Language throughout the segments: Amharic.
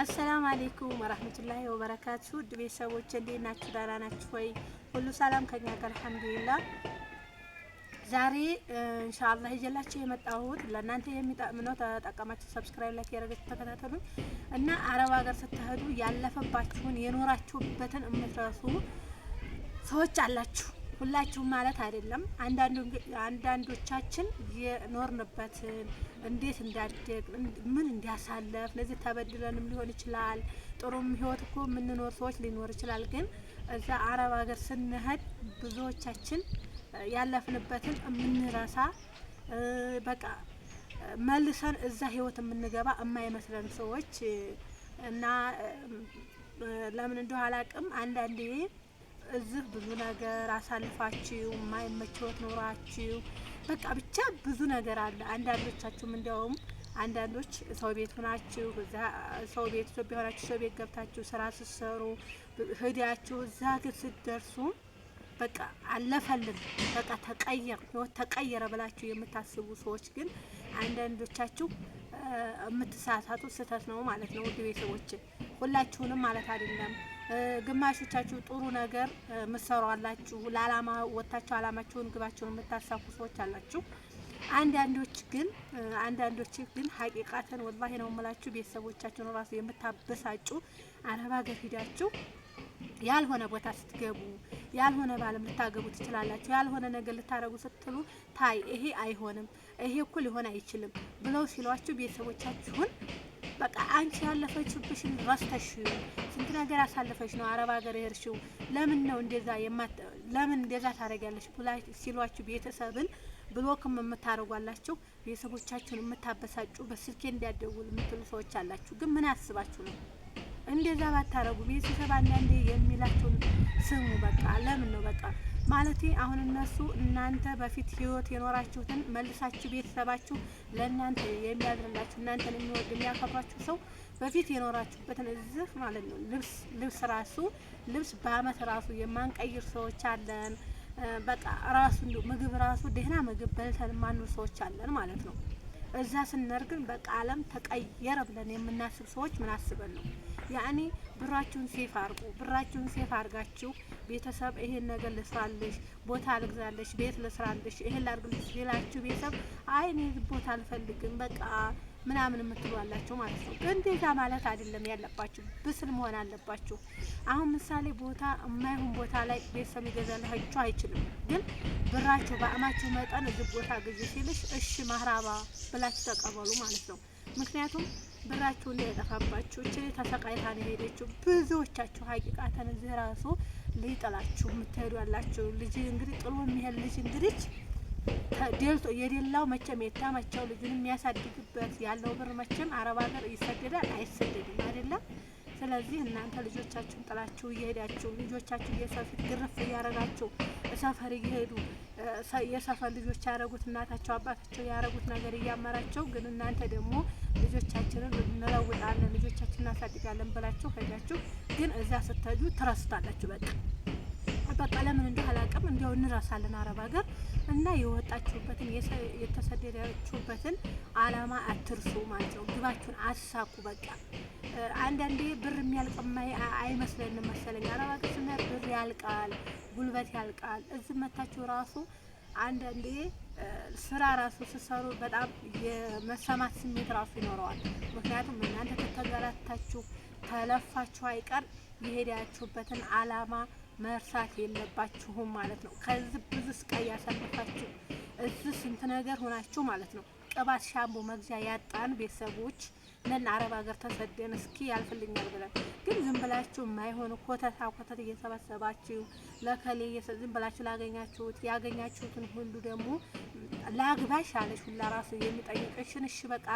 አሰላም አሌይኩም ወራህመቱላሂ ወበረካቱ። ውድ ቤተሰቦች እንዴት ናችሁ? ደህና ናችሁ ወይ? ሁሉ ሰላም ከኛ ጋር አልሐምዱሊላህ። ዛሬ ኢንሻአላህ ይዤላችሁ የመጣሁት ለእናንተ የሚጠቅም ነው። ተጠቀማችሁ፣ ሰብስክራይብ ላይ ያደረጋችሁ ተከታተሉ እና አረብ ሀገር ስትሄዱ ያለፈባችሁን የኖራችሁበትን የምትረሱ ሰዎች አላችሁ ሁላችሁም ማለት አይደለም። አንዳንዶቻችን የኖርንበትን እንዴት እንዳደግ ምን እንዲያሳለፍ ለዚህ ተበድለንም ሊሆን ይችላል። ጥሩም ህይወት እኮ የምንኖር ሰዎች ሊኖር ይችላል። ግን እዛ አረብ ሀገር ስንሄድ ብዙዎቻችን ያለፍንበትን የምንረሳ በቃ መልሰን እዛ ህይወት የምንገባ የማይመስለን ሰዎች እና ለምን እንደሆነ አላቅም አንዳንዴ እዚህ ብዙ ነገር አሳልፋችሁ የማይመች ኖራችሁ በቃ ብቻ ብዙ ነገር አለ። አንዳንዶቻችሁም እንዲያውም አንዳንዶች ሰው ቤት ሁናችሁ ሰው ቤት ኢትዮጵያ ሆናችሁ ሰው ቤት ገብታችሁ ስራ ስትሰሩ ሂዳችሁ እዛ ሀገር ስትደርሱ በቃ አለፈልን በቃ ተቀየር ህይወት ተቀየረ ብላችሁ የምታስቡ ሰዎች ግን አንዳንዶቻችሁ የምትሳሳቱ ስህተት ነው ማለት ነው። ውድ ቤተሰቦችን ሁላችሁንም ማለት አይደለም። ግማሾቻችሁ ጥሩ ነገር ምሰሩ አላችሁ። ለአላማ ወታችሁ አላማችሁን ግባችሁን የምታሳኩ ሰዎች አላችሁ። አንዳንዶች ግን አንዳንዶች ግን ሀቂቃተን ወላሂ ነው የምላችሁ ቤተሰቦቻችሁን ራሱ የምታበሳጩ አረብ ሀገር ሂዳችሁ ያልሆነ ቦታ ስትገቡ ያልሆነ ባለም ልታገቡ ትችላላችሁ። ያልሆነ ነገር ልታረጉ ስትሉ ታይ ይሄ አይሆንም፣ ይሄ እኩል ሊሆን አይችልም ብለው ሲሏችሁ ቤተሰቦቻችሁን በቃ አንቺ ያለፈችብሽን ረስተሽ ስንት ነገር አሳልፈሽ ነው አረብ ሀገር የሄድሽው። ለምን ነው እንደዛ የማት ለምን እንደዛ ታደርጊያለሽ ሲሏችሁ ቤተሰብን ብሎክም የምታደርጓላችሁ ቤተሰቦቻችሁን የምታበሳጩ በስልኬ እንዲያደውል የምትሉ ሰዎች አላችሁ። ግን ምን አስባችሁ ነው እንደዛ ባታረጉ? ቤተሰብ አንዳንዴ የሚላችሁን ስሙ። በቃ ለምን ነው በቃ ማለት አሁን እነሱ እናንተ በፊት ህይወት የኖራችሁትን መልሳችሁ ቤተሰባችሁ ለእናንተ የሚያዝንላችሁ እናንተን የሚወድ የሚያከብራችሁ ሰው በፊት የኖራችሁበትን እዚህ ማለት ነው። ልብስ ልብስ ራሱ ልብስ በአመት ራሱ የማንቀይር ሰዎች አለን። በቃ ራሱ እንዲሁ ምግብ ራሱ ደህና ምግብ በልተን የማንኖር ሰዎች አለን ማለት ነው። እዛ ስንር ግን በቃ አለም ተቀየረ ብለን የምናስብ ሰዎች ምን አስበን ነው? ያኔ ብራችሁን ሴፍ አርጉ። ብራችሁን ሴፍ አርጋችሁ ቤተሰብ ይሄን ነገር ልስራልሽ፣ ቦታ ልግዛለሽ፣ ቤት ልስራለሽ፣ ይሄን ላርግልሽ ሌላችሁ ቤተሰብ አይ እኔ ቦታ አልፈልግም በቃ ምናምን የምትሏላችሁ ማለት ነው። እንደዛ ማለት አይደለም ያለባችሁ፣ ብስል መሆን አለባችሁ። አሁን ምሳሌ ቦታ የማይሆን ቦታ ላይ ቤተሰብ ይገዛላችሁ አይችልም፣ ግን ብራችሁ በአማችሁ መጠን እዚህ ቦታ ግዢ ሲልሽ እሺ ማህራባ ብላችሁ ተቀበሉ ማለት ነው። ምክንያቱም ብራችሁ እንዳይጠፋባችሁ እችል ተሰቃይታ ነው የሄደችው። ብዙዎቻችሁ ሀቂቃተን እዚህ ራሱ ልጅ ጥላችሁ የምትሄዱ ያላችሁ ልጅ እንግዲህ ጥሎ የሚሄድ ልጅ እንግዲህ ደልቶ የሌላው መቼም የታመቸው ልጁን የሚያሳድግበት ያለው ብር መቼም አረብ ሀገር ይሰደዳል አይሰደድም አይደለም። ስለዚህ እናንተ ልጆቻችሁን ጥላችሁ እየሄዳችሁ ልጆቻችሁ የሰው ግርፍ እያረጋችሁ ሰፈር እየሄዱ የሰፈር ልጆች ያረጉት እናታቸው አባታቸው ያረጉት ነገር እያመራቸው፣ ግን እናንተ ደግሞ ልጆቻችንን እንለውጣለን ልጆቻችን እናሳድጋለን ብላችሁ ሄዳችሁ፣ ግን እዛ ስትሄዱ ትረስታላችሁ። በቃ በቃ ለምን እንዲሁ አላውቅም፣ እንዲያው እንረሳለን አረብ ሀገር እና የወጣችሁበትን የተሰደዳችሁበትን አላማ አትርሱ ማለት ነው። ግባችሁን አሳኩ። በቃ አንዳንዴ ብር የሚያልቅ አይመስለንም መሰለኝ። አረብ ሀገር ስናር ብር ያልቃል ጉልበት ያልቃል። እዚህ መታችሁ ራሱ አንዳንዴ ስራ ራሱ ስሰሩ በጣም የመሰማት ስሜት ራሱ ይኖረዋል። ምክንያቱም እናንተ ከተገላታችሁ ተለፋችሁ አይቀር የሄዳችሁበትን አላማ መርሳት የለባችሁም ማለት ነው። ከዚህ ብዙ ስቃይ ያሳልፋችሁ እዚህ ስንት ነገር ሆናችሁ ማለት ነው። ቅባት ሻምቦ መግዣ ያጣን ቤተሰቦች ነን አረብ ሀገር ተሰደን እስኪ ያልፍልኛል ብለን ግን ዝም ብላችሁ የማይሆን ኮተታ ኮተት እየሰበሰባችሁ ለከሌ ዝም ብላችሁ ላገኛችሁት ያገኛችሁትን ሁሉ ደግሞ ላግባሽ አለች ሁላ ራሱ የሚጠይቅሽን እሺ በቃ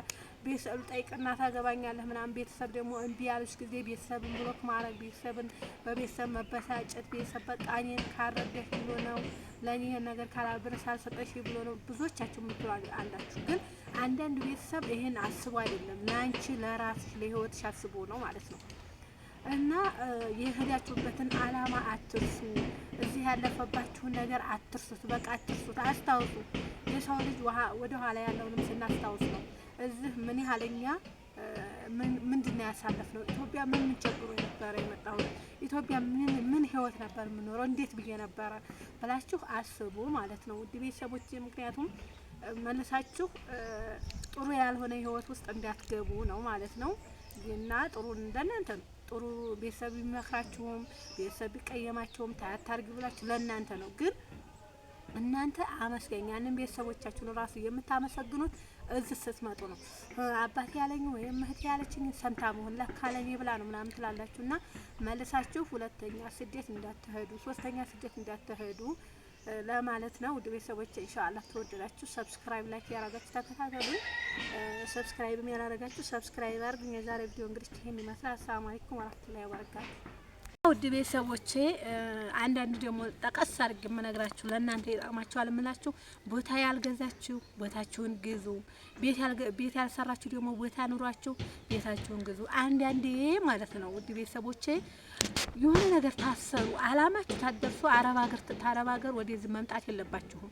ቤተሰብ ጠይቅና ታገባኛለህ ምናምን ቤተሰብ ደግሞ እምቢ ያሉች ጊዜ ቤተሰብን ብሎክ ማድረግ ቤተሰብን በቤተሰብ መበሳጨት ቤተሰብ በቃ እኔን ካረዳሽ ብሎ ነው ለእኔ ይህን ነገር ካላብረሽ አልሰጠሽ ብሎ ነው ብዙዎቻችሁ የምትሉ አላችሁ ግን አንዳንድ ቤተሰብ ይህን አስቦ አይደለም ለአንቺ ለራስሽ ለህይወትሽ አስቦ ነው ማለት ነው እና የሄዳችሁበትን አላማ አትርሱ። እዚህ ያለፈባችሁን ነገር አትርሱት። በቃ አትርሱት፣ አስታውሱ። የሰው ልጅ ወደ ኋላ ያለውንም ስናስታውስ ነው እዚህ ምን ያህለኛ ምንድን ነው ያሳለፍነው? ኢትዮጵያ ምን ምን ቸግሮ ነበረ የመጣው? ኢትዮጵያ ምን ምን ህይወት ነበር የምኖረው? እንዴት ብዬ ነበረ ብላችሁ አስቡ ማለት ነው ውድ ቤተሰቦች። ምክንያቱም መልሳችሁ ጥሩ ያልሆነ ህይወት ውስጥ እንዳትገቡ ነው ማለት ነው እና ጥሩ እንደናንተ ነው ጥሩ ቤተሰብ ቢመክራችሁም ቤተሰብ ቢቀየማችሁም ታታርግ ብላችሁ ለእናንተ ነው። ግን እናንተ አመስገኝ ያንን ቤተሰቦቻችሁን ራሱ የምታመሰግኑት እዚህ ስትመጡ ነው። አባት ያለኝ ወይም እህት ያለችኝ ሰምታ መሆን ለካ ለኔ ብላ ነው ምናምን ትላላችሁ እና መልሳችሁ ሁለተኛ ስደት እንዳትሄዱ፣ ሶስተኛ ስደት እንዳትሄዱ ለማለት ነው። ውድ ቤተሰቦች ኢንሻአላህ ተወደዳችሁ። ሰብስክራይብ ላይክ ያረጋችሁ ተከታተሉ። ሰብስክራይብም ያላረጋችሁ ሰብስክራይብ አድርጉኝ። የዛሬ ቪዲዮ እንግዲህ ይሄን ይመስላል። አሰላሙ አለይኩም ወራህመቱላሂ ወበረካቱ ውድ ቤተሰቦቼ አንዳንድ ደግሞ ጠቀስ አድርጌ የምነግራችሁ ለእናንተ ይጠቅማችኋል የምላችሁ ቦታ ያልገዛችሁ ቦታችሁን ግዙ፣ ቤት ያልሰራችሁ ደግሞ ቦታ ኑሯችሁ ቤታችሁን ግዙ። አንዳንዴ ማለት ነው ውድ ቤተሰቦቼ የሆነ ነገር ታሰሩ፣ አላማችሁ ታደርሱ። አረብ ሀገር ወደዚህ መምጣት የለባችሁም።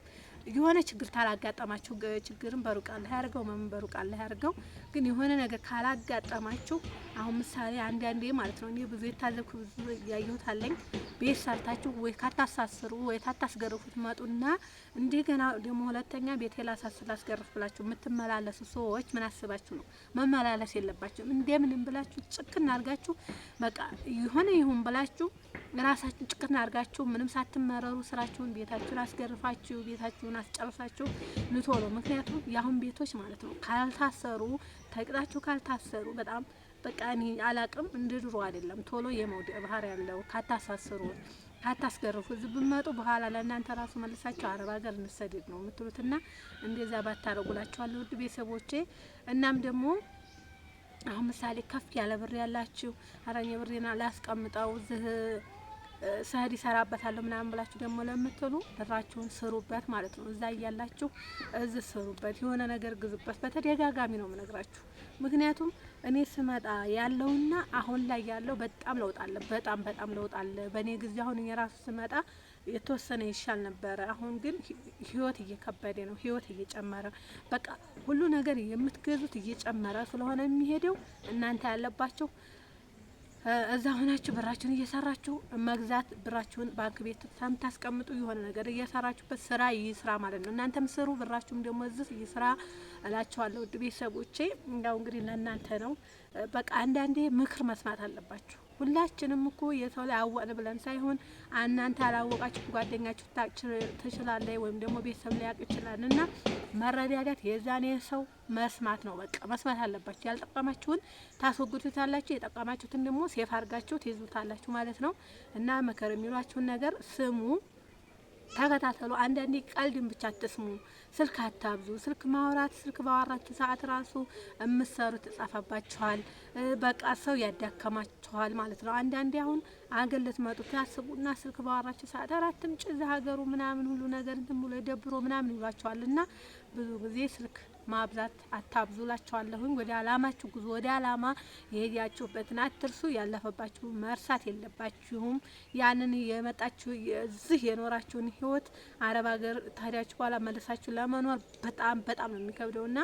የሆነ ችግር ካላጋጠማችሁ ችግርን በሩቅ አለ ያርገው መምን በሩቅ አለ ያርገው፣ ግን የሆነ ነገር ካላጋጠማችሁ አሁን ምሳሌ አንድ አንዴ ማለት ነው እኔ ብዙ የታዘብኩ ብዙ ያየሁት አለኝ። ቤት ሰርታችሁ ወይ ካታሳስሩ ወይ ካታስገርፉት መጡና እንደገና ደግሞ ሁለተኛ ቤት ላሳስር ላስገርፍ ብላችሁ የምትመላለሱ ሰዎች ምን አስባችሁ ነው? መመላለስ የለባችሁ እንደምንም ብላችሁ ጭክና አድርጋችሁ በቃ የሆነ ይሁን ብላችሁ ራሳችሁን ጭቅና አድርጋችሁ ምንም ሳትመረሩ ስራችሁን ቤታችሁን አስገርፋችሁ ቤታችሁን አስጨርሳችሁ ልትሆኑ። ምክንያቱም የአሁን ቤቶች ማለት ነው ካልታሰሩ ተቅጣችሁ ካልታሰሩ በጣም በቃ እኔ አላቅም፣ እንደ ድሮ አይደለም። ቶሎ የመውደቅ ባህር ያለው ካታሳስሩ ካታስገርፉ እዚህ ብመጡ በኋላ ለእናንተ ራሱ መልሳችሁ አረብ ሀገር እንሰደድ ነው የምትሉትና እንደዛ ባታረጉላችኋለሁ ውድ ቤተሰቦቼ። እናም ደግሞ አሁን ምሳሌ ከፍ ያለ ብር ያላችሁ አረኛ ብሬና ላስቀምጠው ዝህ ሰህድ ይሰራበታለሁ ምናምን ብላችሁ ደግሞ ለምትሉ ብራችሁን ስሩበት ማለት ነው። እዛ እያላችሁ እዚህ ስሩበት፣ የሆነ ነገር ግዙበት። በተደጋጋሚ ነው ምነግራችሁ። ምክንያቱም እኔ ስመጣ ያለውና አሁን ላይ ያለው በጣም ለውጥ አለ። በጣም በጣም ለውጥ አለ። በእኔ ጊዜ አሁን እኔ ስመጣ የተወሰነ ይሻል ነበረ። አሁን ግን ህይወት እየከበደ ነው። ህይወት እየጨመረ በቃ ሁሉ ነገር የምትገዙት እየጨመረ ስለሆነ የሚሄደው እናንተ ያለባቸው እዛ ሆናችሁ ብራችሁን እየሰራችሁ መግዛት ብራችሁን ባንክ ቤት ታስቀምጡ የሆነ ነገር እየሰራችሁበት ስራ ይስራ ማለት ነው። እናንተም ስሩ፣ ብራችሁም ደግሞ እዚህ ይስራ እላችኋለሁ። ውድ ቤተሰቦቼ ያው እንግዲህ ለእናንተ ነው። በቃ አንዳንዴ ምክር መስማት አለባችሁ። ሁላችንም እኮ የሰው ላይ አወቅን ብለን ሳይሆን እናንተ አላወቃችሁ ጓደኛችሁ ታቅ ትችላለች ወይም ደግሞ ቤተሰብ ሊያውቅ ይችላል። እና መረዳዳት የዛኔ ሰው መስማት ነው። በቃ መስማት አለባችሁ። ያልጠቀማችሁን ታስወግዱታላችሁ፣ የጠቀማችሁትን ደግሞ ሴፍ አድርጋችሁ ትይዙታላችሁ ማለት ነው። እና መከር የሚሏችሁን ነገር ስሙ። ተከታተሉ። አንዳንዴ ቀልድን ብቻ አትስሙ፣ ስልክ አታብዙ። ስልክ ማውራት ስልክ ባወራችሁ ሰዓት ራሱ የምሰሩት ይጻፈባችኋል። በቃ ሰው ያዳከማችኋል ማለት ነው። አንዳንዴ አሁን አገር ልትመጡ ታስቡና ስልክ ባወራችሁ ሰዓት አራትም ጭዝ ሀገሩ ምናምን ሁሉ ነገር እንትን ብሎ ደብሮ ምናምን ይሏችኋል እና ብዙ ጊዜ ስልክ ማብዛት አታብዙላቸዋለሁኝ። ወደ አላማችሁ ጉዞ፣ ወደ አላማ የሄዳችሁበትን አትርሱ። ያለፈባችሁ መርሳት የለባችሁም። ያንን የመጣችሁ እዚህ የኖራችሁን ህይወት አረብ ሀገር ታዲያችሁ በኋላ መለሳችሁ ለመኖር በጣም በጣም ነው የሚከብደውና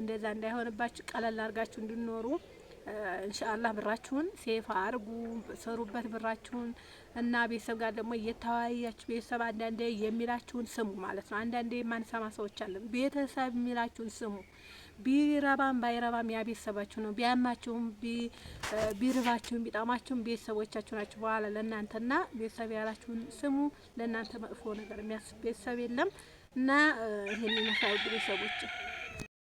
እንደዛ እንዳይሆንባችሁ ቀለል አድርጋችሁ እንዲኖሩ እንሻአላህ ብራችሁን ሴፍ አርጉ፣ ሰሩበት ብራችሁን እና ቤተሰብ ጋር ደግሞ እየተወያያችሁ ቤተሰብ አንዳንዴ የሚላችሁን ስሙ ማለት ነው። አንዳንዴ የማንሰማ ሰዎች አለን። ቤተሰብ የሚላችሁን ስሙ። ቢረባም ባይረባም ያ ቤተሰባችሁ ነው። ቢያማችሁም ቢርባችሁም ቢጣማችሁም ቤተሰቦቻችሁ ናችሁ። በኋላ ለእናንተና ቤተሰብ ያላችሁን ስሙ። ለእናንተ መጥፎ ነገር የሚያስብ ቤተሰብ የለም እና ይህን ይመስላል ቤተሰቦች